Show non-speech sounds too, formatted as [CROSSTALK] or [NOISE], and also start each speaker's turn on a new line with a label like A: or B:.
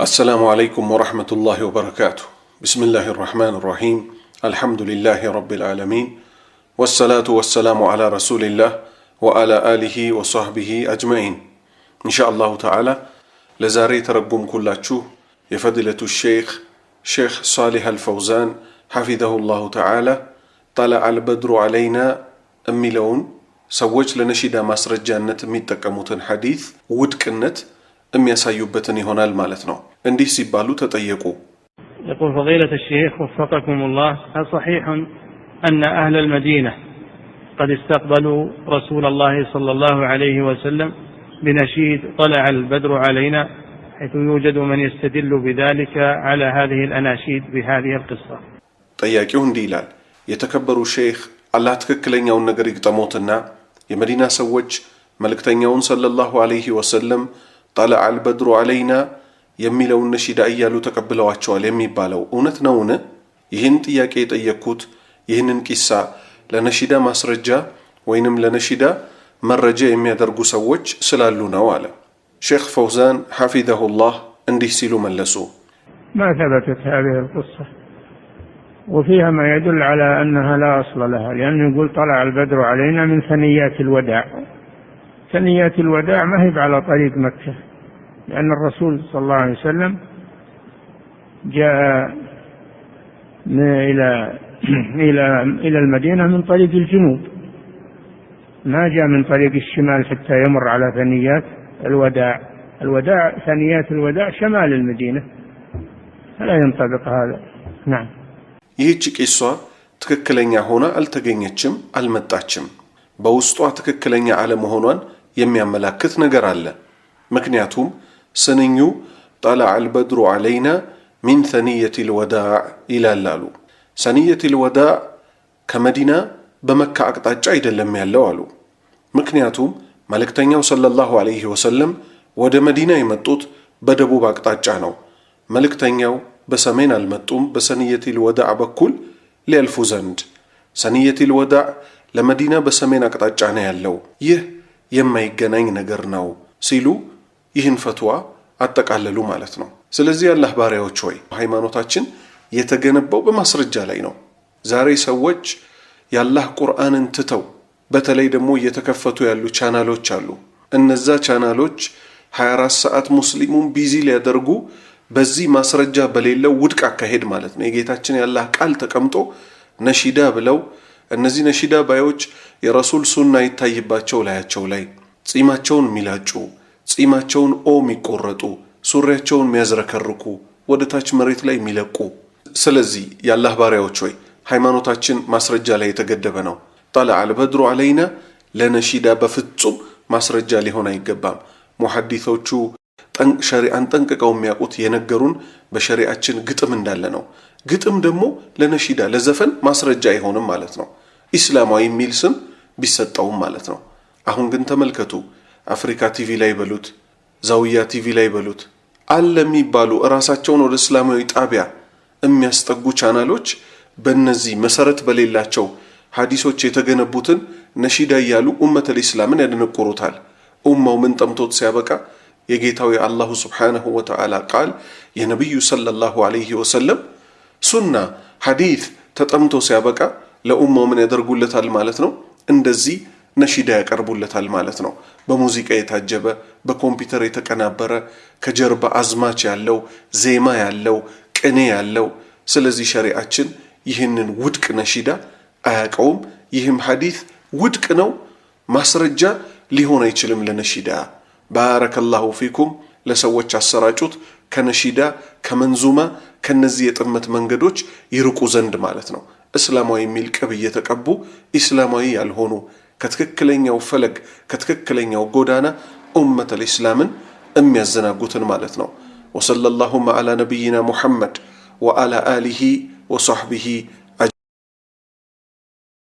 A: السلام عليكم ورحمة الله وبركاته بسم الله الرحمن الرحيم الحمد لله رب العالمين والصلاة والسلام على رسول الله وعلى آله وصحبه أجمعين إن شاء الله تعالى لزاري ترقم كلاتشو يفضلة الشيخ شيخ صالح الفوزان حفظه الله تعالى طلع البدر علينا أم لون سوج لنشد مسرج جانة ميتك حديث ودكنت የሚያሳዩበትን ይሆናል ማለት ነው። እንዲህ ሲባሉ ተጠየቁ። يقول فضيلة الشيخ وفقكم الله هل صحيح أن أهل المدينة قد استقبلوا رسول الله صلى الله عليه وسلم بنشيد طلع البدر علينا حيث يوجد من يستدل بذلك على هذه الأناشيد بهذه القصة
B: الشيخ الله ይላል የተከበሩ ሼክ አላህ يا مدينة سوج ملكتن ሰዎች صلى الله عليه وسلم ጠለዐ አልበድሩ አለይና የሚለውን ነሺዳ እያሉ ተቀብለዋቸዋል የሚባለው እውነት ነውን? ይህን ጥያቄ የጠየቅኩት ይህንን ቂሳ ለነሺዳ ማስረጃ ወይንም ለነሺዳ መረጃ የሚያደርጉ ሰዎች ስላሉ ነው አለ። ሼክ ፈውዛን ሐፊዘሁላህ እንዲህ ሲሉ መለሱ።
C: ما ثبتت هذه القصة وفيها ما يدل على أنها لا أصل لها لأنه يقول طلع البدر علينا من ثنيات الوداع ثنيات الوداع ما هي على طريق مكة لأن الرسول صلى الله عليه وسلم جاء إلى [CLEARS THROAT] إلى إلى المدينة من طريق الجنوب ما جاء من طريق الشمال حتى يمر على ثنيات الوداع الوداع ثنيات الوداع شمال المدينة فلا ينطبق هذا نعم
B: ይህች ቄሷ ትክክለኛ ሆና አልተገኘችም አልመጣችም በውስጧ ትክክለኛ አለመሆኗን የሚያመላክት ነገር አለ ምክንያቱም ስንኙ ጠላዐል በድሩ ዐለይና ሚን ሰኒየቲል ወዳዕ ይላል አሉ። ሰኒየቲል ወዳዕ ከመዲና በመካ አቅጣጫ አይደለም ያለው አሉ። ምክንያቱም መልእክተኛው ሰለላሁ ዐለይሂ ወሰለም ወደ መዲና የመጡት በደቡብ አቅጣጫ ነው። መልእክተኛው በሰሜን አልመጡም፣ በሰኒየቲል ወዳዕ በኩል ሊያልፉ ዘንድ። ሰኒየቲል ወዳዕ ለመዲና በሰሜን አቅጣጫ ነው ያለው። ይህ የማይገናኝ ነገር ነው ሲሉ ይህን ፈትዋ አጠቃለሉ ማለት ነው። ስለዚህ የአላህ ባሪያዎች ሆይ ሃይማኖታችን የተገነባው በማስረጃ ላይ ነው። ዛሬ ሰዎች የአላህ ቁርአንን ትተው በተለይ ደግሞ እየተከፈቱ ያሉ ቻናሎች አሉ። እነዛ ቻናሎች 24 ሰዓት ሙስሊሙን ቢዚ ሊያደርጉ በዚህ ማስረጃ በሌለው ውድቅ አካሄድ ማለት ነው። የጌታችን ያላህ ቃል ተቀምጦ ነሺዳ ብለው እነዚህ ነሺዳ ባዮች የረሱል ሱና ይታይባቸው ላያቸው ላይ ጺማቸውን የሚላጩ ጺማቸውን ኦ የሚቆረጡ፣ ሱሪያቸውን የሚያዝረከርኩ፣ ወደ ታች መሬት ላይ የሚለቁ። ስለዚህ የአላህ ባሪያዎች ሆይ ሃይማኖታችን ማስረጃ ላይ የተገደበ ነው። ጠለዐ አልበድሩ አለይና ለነሺዳ በፍጹም ማስረጃ ሊሆን አይገባም። ሙሐዲሶቹ ሸሪአን ጠንቅቀው የሚያውቁት የነገሩን በሸሪአችን ግጥም እንዳለ ነው። ግጥም ደግሞ ለነሺዳ ለዘፈን ማስረጃ አይሆንም ማለት ነው። ኢስላማዊ የሚል ስም ቢሰጠውም ማለት ነው። አሁን ግን ተመልከቱ አፍሪካ ቲቪ ላይ በሉት ዛውያ ቲቪ ላይ በሉት አለ የሚባሉ እራሳቸውን ወደ እስላማዊ ጣቢያ የሚያስጠጉ ቻናሎች በእነዚህ መሰረት በሌላቸው ሀዲሶች የተገነቡትን ነሺዳ እያሉ ኡመተል ኢስላምን ያደነቁሩታል። ኡማው ምን ጠምቶት ሲያበቃ የጌታው የአላሁ ስብሓነሁ ወተዓላ ቃል የነቢዩ ሰለላሁ ዐለይሂ ወሰለም ሱና ሐዲት ተጠምቶ ሲያበቃ ለኡማው ምን ያደርጉለታል ማለት ነው እንደዚህ ነሺዳ ያቀርቡለታል ማለት ነው። በሙዚቃ የታጀበ በኮምፒውተር የተቀናበረ ከጀርባ አዝማች ያለው ዜማ ያለው ቅኔ ያለው። ስለዚህ ሸሪአችን ይህንን ውድቅ ነሺዳ አያውቀውም። ይህም ሐዲት ውድቅ ነው፣ ማስረጃ ሊሆን አይችልም ለነሺዳ። ባረከላሁ ፊኩም። ለሰዎች አሰራጩት ከነሺዳ ከመንዙማ ከነዚህ የጥመት መንገዶች ይርቁ ዘንድ ማለት ነው። እስላማዊ የሚል ቅብ እየተቀቡ ኢስላማዊ ያልሆኑ ከትክክለኛው ፈለግ ከትክክለኛው ጎዳና ኡመተል ኢስላምን የሚያዘናጉትን ማለት ነው። ወሰለላሁማ አላ ነቢይና ሙሐመድ ወአላ አሊሂ ወሶሕቢሂ